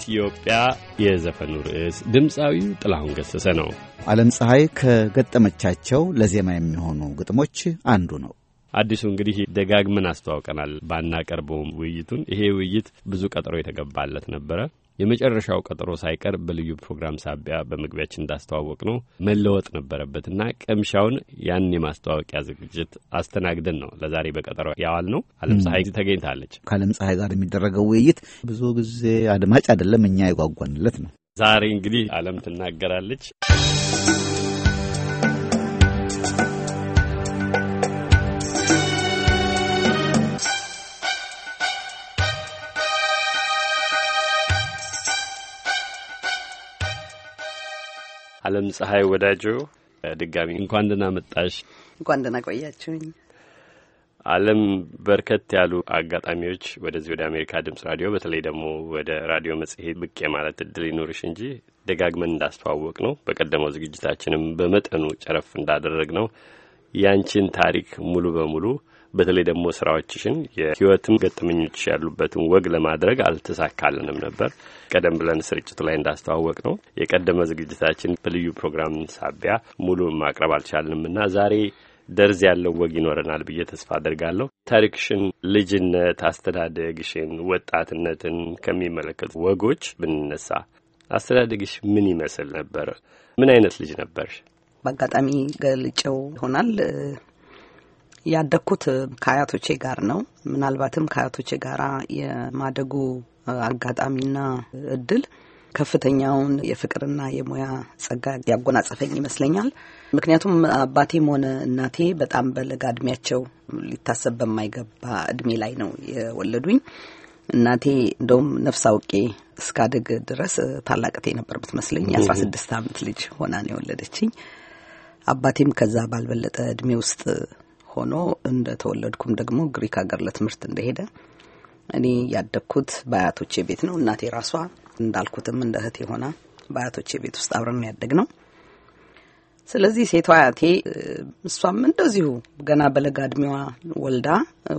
ኢትዮጵያ የዘፈኑ ርዕስ ድምፃዊው ጥላሁን ገሰሰ ነው። ዓለም ፀሐይ ከገጠመቻቸው ለዜማ የሚሆኑ ግጥሞች አንዱ ነው። አዲሱ እንግዲህ ደጋግመን አስተዋውቀናል፣ ባናቀርበውም ውይይቱን ይሄ ውይይት ብዙ ቀጠሮ የተገባለት ነበረ። የመጨረሻው ቀጠሮ ሳይቀር በልዩ ፕሮግራም ሳቢያ በመግቢያችን እንዳስተዋወቅ ነው መለወጥ ነበረበትና ቅምሻውን ያን የማስተዋወቂያ ዝግጅት አስተናግደን ነው ለዛሬ በቀጠሮ ያዋል ነው። አለም ፀሐይ ተገኝታለች። ከአለም ፀሐይ ጋር የሚደረገው ውይይት ብዙ ጊዜ አድማጭ አይደለም እኛ የጓጓንለት ነው። ዛሬ እንግዲህ አለም ትናገራለች። አለም ፀሐይ ወዳጆ ድጋሚ እንኳን ደህና መጣሽ። እንኳን ደህና ቆያችሁኝ። አለም በርከት ያሉ አጋጣሚዎች ወደዚህ ወደ አሜሪካ ድምጽ ራዲዮ በተለይ ደግሞ ወደ ራዲዮ መጽሔት ብቅ ማለት እድል ይኖርሽ እንጂ ደጋግመን እንዳስተዋወቅ ነው በቀደመው ዝግጅታችንም በመጠኑ ጨረፍ እንዳደረግ ነው ያንቺን ታሪክ ሙሉ በሙሉ በተለይ ደግሞ ስራዎችሽን የህይወትም ገጠመኞች ያሉበትን ወግ ለማድረግ አልተሳካልንም ነበር። ቀደም ብለን ስርጭቱ ላይ እንዳስተዋወቅ ነው የቀደመ ዝግጅታችን በልዩ ፕሮግራም ሳቢያ ሙሉ ማቅረብ አልቻልንም እና ዛሬ ደርዝ ያለው ወግ ይኖረናል ብዬ ተስፋ አድርጋለሁ። ታሪክሽን፣ ልጅነት፣ አስተዳደግሽን፣ ወጣትነትን ከሚመለከቱ ወጎች ብንነሳ አስተዳደግሽ ምን ይመስል ነበር? ምን አይነት ልጅ ነበርሽ? በአጋጣሚ ገልጨው ይሆናል ያደግኩት ከአያቶቼ ጋር ነው። ምናልባትም ከአያቶቼ ጋር የማደጉ አጋጣሚና እድል ከፍተኛውን የፍቅርና የሙያ ጸጋ ያጎናጸፈኝ ይመስለኛል። ምክንያቱም አባቴም ሆነ እናቴ በጣም በለጋ እድሜያቸው ሊታሰብ በማይገባ እድሜ ላይ ነው የወለዱኝ። እናቴ እንደውም ነፍስ አውቄ እስካድግ ድረስ ታላቅቴ ነበር የምትመስለኝ። የአስራ ስድስት አመት ልጅ ሆና ነው የወለደችኝ። አባቴም ከዛ ባልበለጠ እድሜ ውስጥ ሆኖ እንደ ተወለድኩም ደግሞ ግሪክ ሀገር ለትምህርት እንደሄደ እኔ ያደግኩት በአያቶቼ ቤት ነው። እናቴ ራሷ እንዳልኩትም እንደ እህቴ ሆና በአያቶቼ ቤት ውስጥ አብረን ያደግ ነው። ስለዚህ ሴቷ አያቴ እሷም እንደዚሁ ገና በለጋ እድሜዋ ወልዳ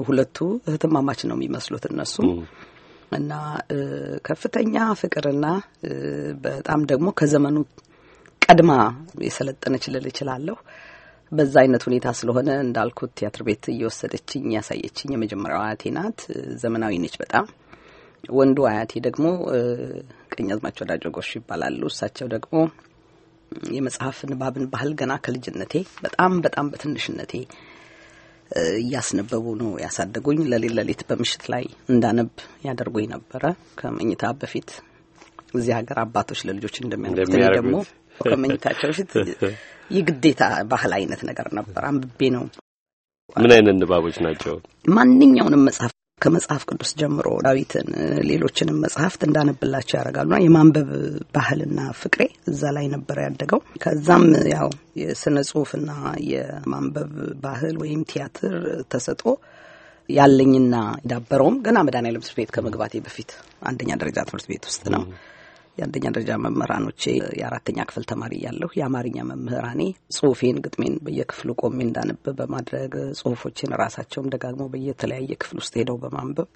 ሁለቱ እህትማማች ነው የሚመስሉት እነሱ እና ከፍተኛ ፍቅርና በጣም ደግሞ ከዘመኑ ቀድማ የሰለጠነች ልል እችላለሁ በዛ አይነት ሁኔታ ስለሆነ እንዳልኩት ቲያትር ቤት እየወሰደችኝ ያሳየችኝ የመጀመሪያው አያቴ ናት። ዘመናዊ ነች በጣም። ወንዱ አያቴ ደግሞ ቀኛዝማች ወዳጆ ጎሽ ይባላሉ። እሳቸው ደግሞ የመጽሐፍ ንባብን ባህል ገና ከልጅነቴ በጣም በጣም በትንሽነቴ እያስነበቡ ነው ያሳደጉኝ። ለሌት ለሌት በምሽት ላይ እንዳነብ ያደርጉኝ ነበረ። ከመኝታ በፊት እዚህ ሀገር አባቶች ለልጆች እንደሚያደርጉት ደግሞ ከመኝታቸው በፊት የግዴታ ባህል አይነት ነገር ነበር። አንብቤ ነው። ምን አይነት ንባቦች ናቸው? ማንኛውንም መጽሐፍ ከመጽሐፍ ቅዱስ ጀምሮ ዳዊትን፣ ሌሎችንም መጽሐፍት እንዳነብላቸው ያደርጋሉና የማንበብ ባህልና ፍቅሬ እዛ ላይ ነበር ያደገው። ከዛም ያው የስነ ጽሁፍና የማንበብ ባህል ወይም ቲያትር ተሰጦ ያለኝና ዳበረውም ገና መድኃኔዓለም ትምህርት ቤት ከመግባቴ በፊት አንደኛ ደረጃ ትምህርት ቤት ውስጥ ነው። የአንደኛ ደረጃ መምህራኖቼ የአራተኛ ክፍል ተማሪ እያለሁ የአማርኛ መምህራኔ ጽሁፌን፣ ግጥሜን በየክፍሉ ቆሜ እንዳነብብ በማድረግ ጽሁፎችን ራሳቸውም ደጋግሞ በየተለያየ ክፍል ውስጥ ሄደው በማንበብ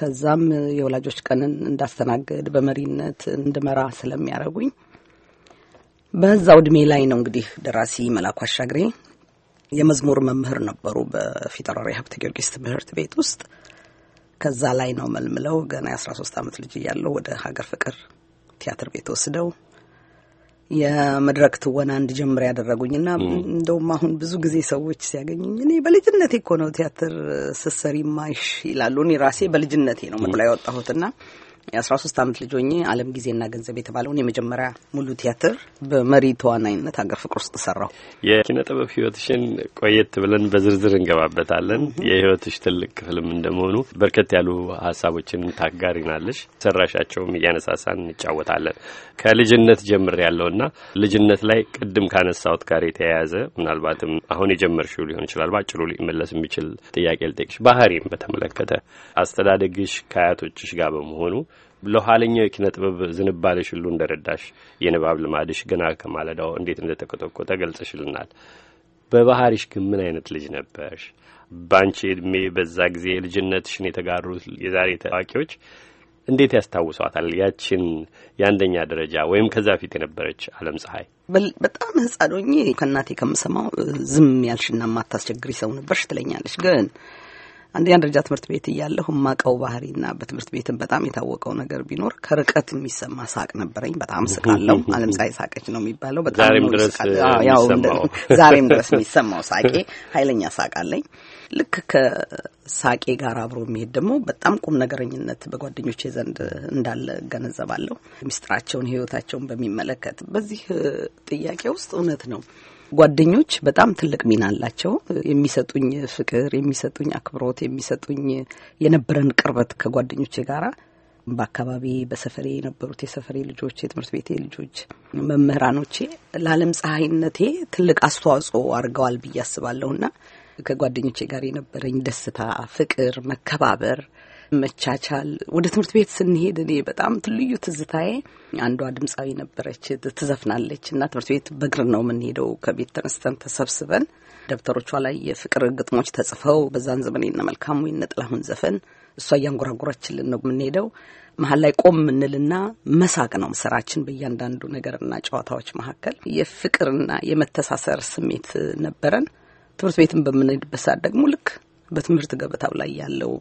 ከዛም የወላጆች ቀንን እንዳስተናግድ በመሪነት እንድመራ ስለሚያደርጉኝ በዛው እድሜ ላይ ነው እንግዲህ ደራሲ መላኩ አሻግሬ የመዝሙር መምህር ነበሩ በፊታውራሪ ሀብተ ጊዮርጊስ ትምህርት ቤት ውስጥ ከዛ ላይ ነው መልምለው ገና የአስራ ሶስት አመት ልጅ እያለሁ ወደ ሀገር ፍቅር ቲያትር ቤት ወስደው የመድረክ ትወና እንድጀምር ያደረጉኝና እንደውም አሁን ብዙ ጊዜ ሰዎች ሲያገኙኝ እኔ በልጅነቴ እኮ ነው ቲያትር ስሰሪ ማይሽ ይላሉ። እኔ ራሴ በልጅነቴ ነው መጥላ ያወጣሁትና የአስራ ሶስት አመት ልጅ ሆኜ አለም ጊዜና ገንዘብ የተባለውን የመጀመሪያ ሙሉ ቲያትር በመሪ ተዋናይነት ሀገር ፍቅር ውስጥ ሰራው። የኪነ ጥበብ ህይወትሽን ቆየት ብለን በዝርዝር እንገባበታለን። የህይወትሽ ትልቅ ክፍልም እንደመሆኑ በርከት ያሉ ሀሳቦችን ታጋሪናለሽ። ሰራሻቸውም እያነሳሳን እንጫወታለን። ከልጅነት ጀምር ያለውና ልጅነት ላይ ቅድም ካነሳሁት ጋር የተያያዘ ምናልባትም አሁን የጀመርሽው ሊሆን ይችላል ባጭሩ ሊመለስ የሚችል ጥያቄ ልጠይቅሽ። ባህሪም በተመለከተ አስተዳደግሽ ከአያቶችሽ ጋር በመሆኑ ለኋለኛው የኪነ ጥበብ ዝንባሌሽ ሁሉ እንደረዳሽ የንባብ ልማድሽ ገና ከማለዳው እንዴት እንደተቆጠቆጠ ገልጽሽልናል። በባህሪሽ ግን ምን አይነት ልጅ ነበርሽ? በአንቺ እድሜ በዛ ጊዜ ልጅነትሽን የተጋሩ የዛሬ ታዋቂዎች እንዴት ያስታውሷታል? ያችን የአንደኛ ደረጃ ወይም ከዛ ፊት የነበረች አለም ፀሐይ። በጣም ህጻን ሆኜ ከእናቴ ከምሰማው ዝም ያልሽና ማታስቸግሪ ሰው ነበርሽ ትለኛለች ግን አንደኛ ደረጃ ትምህርት ቤት እያለሁ ማቀው ባህሪና በትምህርት ቤትም በጣም የታወቀው ነገር ቢኖር ከርቀት የሚሰማ ሳቅ ነበረኝ። በጣም ስቃለው። ዓለም ፀሐይ ሳቀች ነው የሚባለው። በጣም ዛሬም ድረስ የሚሰማው ሳቄ ኃይለኛ ሳቅ አለኝ። ልክ ከሳቄ ጋር አብሮ የሚሄድ ደግሞ በጣም ቁም ነገረኝነት በጓደኞቼ ዘንድ እንዳለ እገነዘባለሁ። ሚስጥራቸውን፣ ህይወታቸውን በሚመለከት በዚህ ጥያቄ ውስጥ እውነት ነው ጓደኞች በጣም ትልቅ ሚና አላቸው። የሚሰጡኝ ፍቅር፣ የሚሰጡኝ አክብሮት፣ የሚሰጡኝ የነበረን ቅርበት ከጓደኞቼ ጋራ በአካባቢ በሰፈሬ የነበሩት የሰፈሬ ልጆች፣ የትምህርት ቤቴ ልጆች፣ መምህራኖቼ ለዓለም ፀሐይነቴ ትልቅ አስተዋጽኦ አድርገዋል ብዬ አስባለሁና ከጓደኞቼ ጋር የነበረኝ ደስታ፣ ፍቅር፣ መከባበር መቻቻል። ወደ ትምህርት ቤት ስንሄድ እኔ በጣም ልዩ ትዝታዬ አንዷ ድምፃዊ ነበረች፣ ትዘፍናለች እና ትምህርት ቤት በእግር ነው የምንሄደው ከቤት ተነስተን ተሰብስበን ደብተሮቿ ላይ የፍቅር ግጥሞች ተጽፈው በዛን ዘመን የነ መልካሙ የነ ጥላሁን ዘፈን እሷ እያንጎራጎረችልን ነው የምንሄደው። መሀል ላይ ቆም የምንልና መሳቅ ነው ስራችን በእያንዳንዱ ነገርና ጨዋታዎች መካከል የፍቅርና የመተሳሰር ስሜት ነበረን። ትምህርት ቤትን በምንሄድበት ሰዓት ደግሞ ልክ በትምህርት ገበታው ላይ ያለው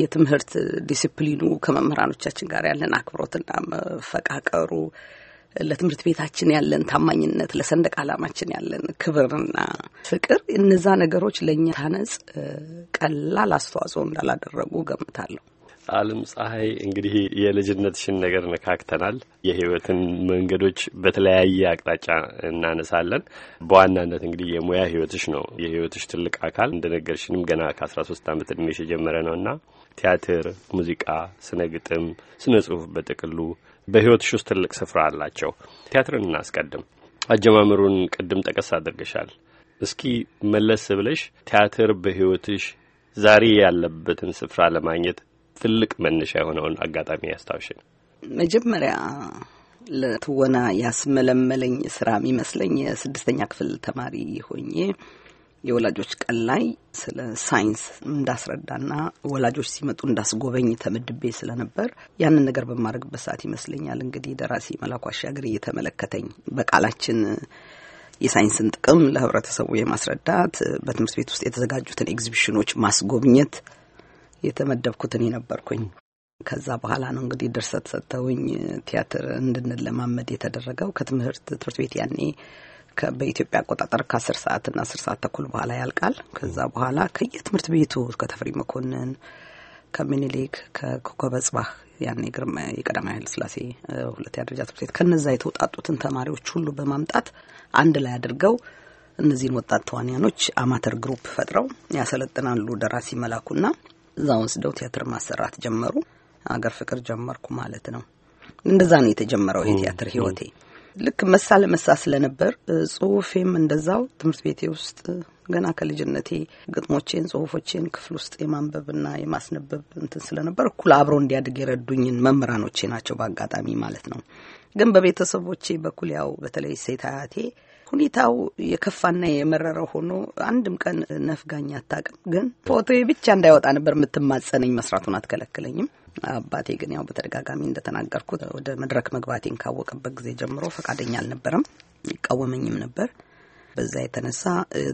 የትምህርት ዲሲፕሊኑ ከመምህራኖቻችን ጋር ያለን አክብሮትና መፈቃቀሩ ለትምህርት ቤታችን ያለን ታማኝነት፣ ለሰንደቅ ዓላማችን ያለን ክብርና ፍቅር፣ እነዛ ነገሮች ለእኛ ታነጽ ቀላል አስተዋጽኦ እንዳላደረጉ ገምታለሁ። አለም ፀሐይ፣ እንግዲህ የልጅነትሽን ነገር ነካክተናል። የህይወትን መንገዶች በተለያየ አቅጣጫ እናነሳለን። በዋናነት እንግዲህ የሙያ ህይወትሽ ነው የህይወትሽ ትልቅ አካል እንደነገርሽንም ገና ከአስራ ሶስት አመት እድሜሽ የጀመረ ነው እና ቲያትር፣ ሙዚቃ፣ ስነ ግጥም፣ ስነ ጽሁፍ በጥቅሉ በህይወትሽ ውስጥ ትልቅ ስፍራ አላቸው። ቲያትርን እናስቀድም። አጀማመሩን ቅድም ጠቀስ አድርገሻል። እስኪ መለስ ብለሽ ቲያትር በህይወትሽ ዛሬ ያለበትን ስፍራ ለማግኘት ትልቅ መነሻ የሆነውን አጋጣሚ ያስታውሽን። መጀመሪያ ለትወና ያስመለመለኝ ስራ የሚመስለኝ የስድስተኛ ክፍል ተማሪ ሆኜ የወላጆች ቀን ላይ ስለ ሳይንስ እንዳስረዳና ወላጆች ሲመጡ እንዳስጎበኝ ተመድቤ ስለነበር ያንን ነገር በማድረግበት ሰዓት ይመስለኛል እንግዲህ ደራሲ መላኩ አሻገር እየተመለከተኝ በቃላችን የሳይንስን ጥቅም ለህብረተሰቡ የማስረዳት በትምህርት ቤት ውስጥ የተዘጋጁትን ኤግዚቢሽኖች ማስጎብኘት የተመደብኩት እኔ ነበርኩኝ። ከዛ በኋላ ነው እንግዲህ ድርሰት ሰጥተውኝ ቲያትር እንድንለማመድ የተደረገው። ከትምህርት ትምህርት ቤት ያኔ በኢትዮጵያ አቆጣጠር ከአስር ሰዓት እና አስር ሰዓት ተኩል በኋላ ያልቃል። ከዛ በኋላ ከየትምህርት ቤቱ ከተፈሪ መኮንን፣ ከምኒልክ፣ ከኮበጽባህ ያኔ ግርማ የቀዳማዊ ኃይለ ሥላሴ ሁለተኛ ደረጃ ትምህርት ቤት ከነዛ የተውጣጡትን ተማሪዎች ሁሉ በማምጣት አንድ ላይ አድርገው እነዚህን ወጣት ተዋንያኖች አማተር ግሩፕ ፈጥረው ያሰለጥናሉ። ደራሲ መላኩና እዛ ወስደው ቲያትር ማሰራት ጀመሩ። አገር ፍቅር ጀመርኩ ማለት ነው። እንደዛ ነው የተጀመረው የቲያትር ህይወቴ። ልክ መሳ ለመሳ ስለነበር ጽሁፌም እንደዛው ትምህርት ቤቴ ውስጥ ገና ከልጅነቴ ግጥሞቼን፣ ጽሁፎቼን ክፍል ውስጥ የማንበብና የማስነበብ እንትን ስለነበር እኩል አብሮ እንዲያድግ የረዱኝን መምህራኖቼ ናቸው በአጋጣሚ ማለት ነው። ግን በቤተሰቦቼ በኩል ያው በተለይ ሴት አያቴ ሁኔታው የከፋና የመረረ ሆኖ አንድም ቀን ነፍጋኝ አታውቅም። ግን ፎቶዬ ብቻ እንዳይወጣ ነበር የምትማጸነኝ። መስራቱን አትከለክለኝም። አባቴ ግን ያው በተደጋጋሚ እንደተናገርኩት ወደ መድረክ መግባቴን ካወቀበት ጊዜ ጀምሮ ፈቃደኛ አልነበረም፣ ይቃወመኝም ነበር። በዛ የተነሳ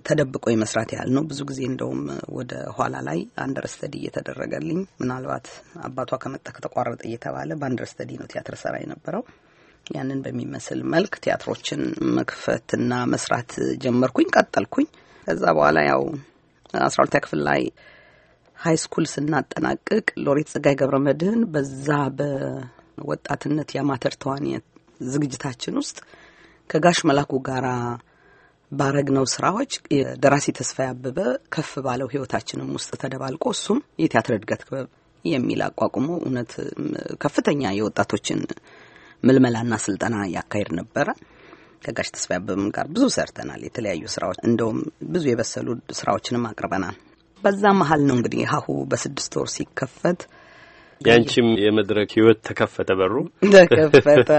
ተደብቆ የመስራት ያህል ነው። ብዙ ጊዜ እንደውም ወደ ኋላ ላይ አንደርስተዲ እየተደረገልኝ ምናልባት አባቷ ከመጣ ከተቋረጠ እየተባለ በአንደርስተዲ ነው ቲያትር ሰራ የነበረው። ያንን በሚመስል መልክ ቲያትሮችን መክፈትና መስራት ጀመርኩኝ፣ ቀጠልኩኝ። ከዛ በኋላ ያው አስራ ሁለተኛ ክፍል ላይ ሀይ ስኩል ስናጠናቅቅ ሎሬት ጸጋይ ገብረ መድህን በዛ በወጣትነት የአማተር ተዋንያን ዝግጅታችን ውስጥ ከጋሽ መላኩ ጋር ባረግነው ስራዎች የደራሲ ተስፋ ያበበ ከፍ ባለው ህይወታችንም ውስጥ ተደባልቆ እሱም የቲያትር እድገት ክበብ የሚል አቋቁሞ እውነት ከፍተኛ የወጣቶችን ምልመላና ስልጠና ያካሄድ ነበረ። ከጋሽ ተስፋ አበበም ጋር ብዙ ሰርተናል። የተለያዩ ስራዎች እንደውም ብዙ የበሰሉ ስራዎችንም አቅርበናል። በዛ መሀል ነው እንግዲህ ሀሁ በስድስት ወር ሲከፈት ያንቺም የመድረክ ህይወት ተከፈተ፣ በሩ ተከፈተ።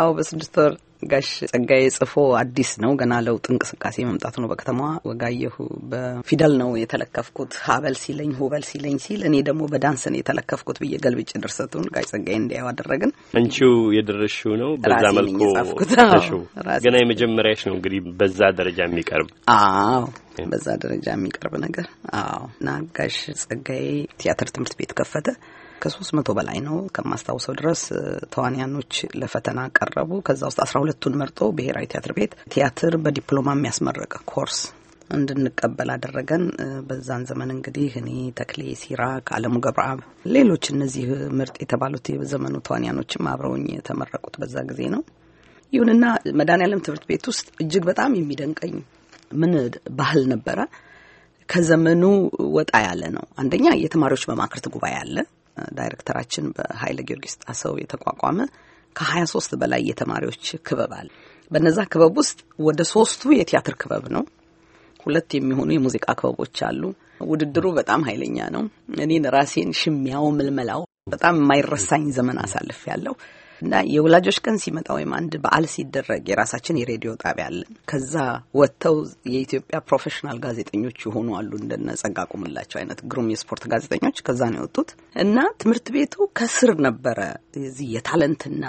አዎ በስድስት ወር ጋሽ ጸጋዬ ጽፎ አዲስ ነው ገና ለውጥ እንቅስቃሴ መምጣት ነው። በከተማዋ ወጋየሁ በፊደል ነው የተለከፍኩት ሀበል ሲለኝ ሁበል ሲለኝ ሲል እኔ ደግሞ በዳንስ ነው የተለከፍኩት ብዬ ገልብጭ ድርሰቱን ጋሽ ጸጋዬ እንዲያው አደረግን። አንቺው የደረሽው ነው በዛ መልኩ ገና የመጀመሪያሽ ነው እንግዲህ በዛ ደረጃ የሚቀርብ አዎ በዛ ደረጃ የሚቀርብ ነገር። አዎ እና ጋሽ ጸጋዬ ቲያትር ትምህርት ቤት ከፈተ። ከሶስት መቶ በላይ ነው ከማስታውሰው ድረስ ተዋንያኖች ለፈተና ቀረቡ። ከዛ ውስጥ አስራ ሁለቱን መርጦ ብሔራዊ ቲያትር ቤት ቲያትር በዲፕሎማ የሚያስመረቀ ኮርስ እንድንቀበል አደረገን። በዛን ዘመን እንግዲህ እኔ ተክሌ ሲራክ፣ አለሙ ገብረአብ፣ ሌሎች እነዚህ ምርጥ የተባሉት የዘመኑ ተዋንያኖችም አብረውኝ የተመረቁት በዛ ጊዜ ነው። ይሁንና መድኃኔዓለም ትምህርት ቤት ውስጥ እጅግ በጣም የሚደንቀኝ ምን ባህል ነበረ ከዘመኑ ወጣ ያለ ነው። አንደኛ የተማሪዎች መማክርት ጉባኤ አለ። ዳይሬክተራችን በኃይለ ጊዮርጊስ ጣሰው የተቋቋመ ከሀያ ሶስት በላይ የተማሪዎች ክበብ አለ። በነዛ ክበብ ውስጥ ወደ ሶስቱ የቲያትር ክበብ ነው። ሁለት የሚሆኑ የሙዚቃ ክበቦች አሉ። ውድድሩ በጣም ኃይለኛ ነው። እኔን ራሴን ሽሚያው፣ ምልመላው በጣም የማይረሳኝ ዘመን አሳልፍ ያለው እና የወላጆች ቀን ሲመጣ ወይም አንድ በዓል ሲደረግ የራሳችን የሬዲዮ ጣቢያ አለን። ከዛ ወጥተው የኢትዮጵያ ፕሮፌሽናል ጋዜጠኞች የሆኑ አሉ እንደነ ጸጋ ቁምላቸው አይነት ግሩም የስፖርት ጋዜጠኞች ከዛ ነው የወጡት እና ትምህርት ቤቱ ከስር ነበረ የዚህ የታለንትና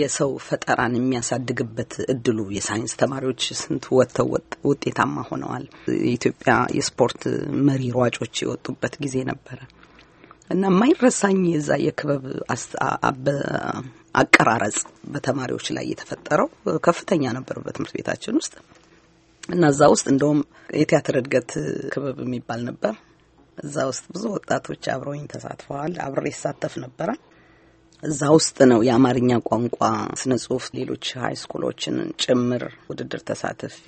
የሰው ፈጠራን የሚያሳድግበት እድሉ። የሳይንስ ተማሪዎች ስንት ወጥተው ውጤታማ ሆነዋል። የኢትዮጵያ የስፖርት መሪ ሯጮች የወጡበት ጊዜ ነበረ እና የማይረሳኝ የዛ የክበብ አበ አቀራረጽ በተማሪዎች ላይ የተፈጠረው ከፍተኛ ነበር በትምህርት ቤታችን ውስጥ እና እዛ ውስጥ እንደውም የቲያትር እድገት ክበብ የሚባል ነበር። እዛ ውስጥ ብዙ ወጣቶች አብረውኝ ተሳትፈዋል። አብሬ ይሳተፍ ነበረ። እዛ ውስጥ ነው የአማርኛ ቋንቋ ስነ ጽሁፍ ሌሎች ሀይ ስኩሎችን ጭምር ውድድር ተሳትፌ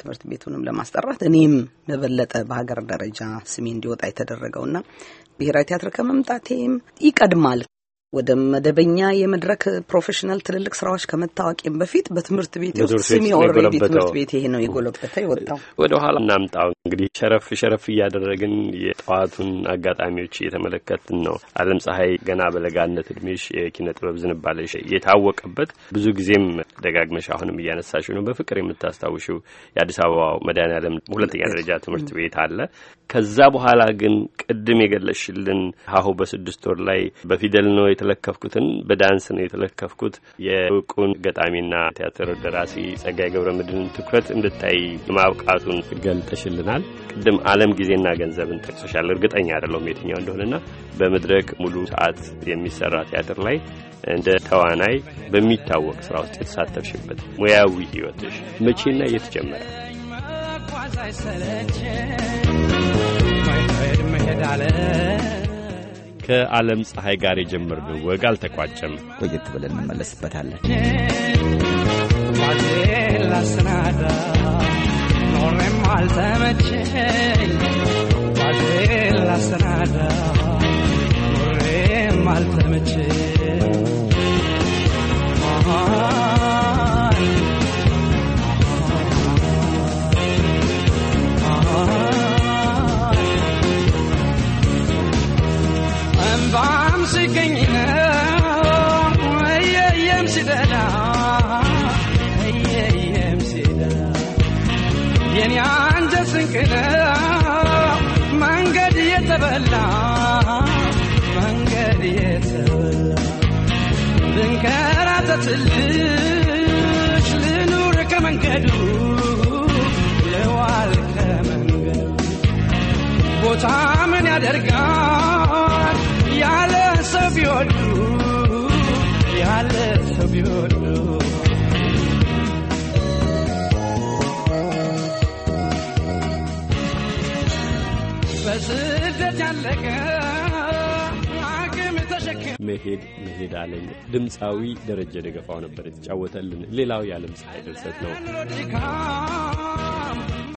ትምህርት ቤቱንም ለማስጠራት እኔም የበለጠ በሀገር ደረጃ ስሜ እንዲወጣ የተደረገውና ብሔራዊ ቲያትር ከመምጣቴም ይቀድማል ወደ መደበኛ የመድረክ ፕሮፌሽናል ትልልቅ ስራዎች ከመታወቂም በፊት በትምህርት ቤት ውስጥ ስሜ ኦልሬዲ ትምህርት ቤት ይሄ ነው የጎለበተ ይወጣው ወደ ኋላ እናምጣው እንግዲህ ሸረፍ ሸረፍ እያደረግን የጠዋቱን አጋጣሚዎች እየተመለከትን ነው። አለም ፀሐይ ገና በለጋነት እድሜሽ የኪነ ጥበብ ዝንባለሽ የታወቀበት ብዙ ጊዜም ደጋግመሽ አሁንም እያነሳሽ ነው በፍቅር የምታስታውሽው የአዲስ አበባው መድኃኔዓለም ሁለተኛ ደረጃ ትምህርት ቤት አለ። ከዛ በኋላ ግን ቅድም የገለሽልን ሀሁ በስድስት ወር ላይ በፊደል ነው የተለከፍኩትን በዳንስ ነው የተለከፍኩት የእውቁን ገጣሚና ቲያትር ደራሲ ጸጋዬ ገብረ ምድርን ትኩረት እንድታይ ማብቃቱን ገልጠሽልናል። ቅድም ዓለም ጊዜና ገንዘብን ጠቅሰሻል። እርግጠኛ አይደለሁም የትኛው እንደሆነና በመድረክ ሙሉ ሰዓት የሚሰራ ቲያትር ላይ እንደ ተዋናይ በሚታወቅ ስራ ውስጥ የተሳተፍሽበት ሙያዊ ህይወትሽ መቼና የት ጀመረ? ከዓለም ፀሐይ ጋር የጀመርነው ወግ አልተቋጨም። ቆየት ብለን እንመለስበታለን። ላስናዳ ኖሬም አልተመቸኝ ላስናዳ ኖሬም አልተመቼ ያደርጋል ያለ ሰው ቢወዱ ያለ ሰው ቢወዱ በስደት ያለቀ መሄድ መሄድ አለኝ። ድምፃዊ ደረጀ ደገፋው ነበር የተጫወተልን። ሌላው የዓለም ፀሐይ ድርሰት ነው።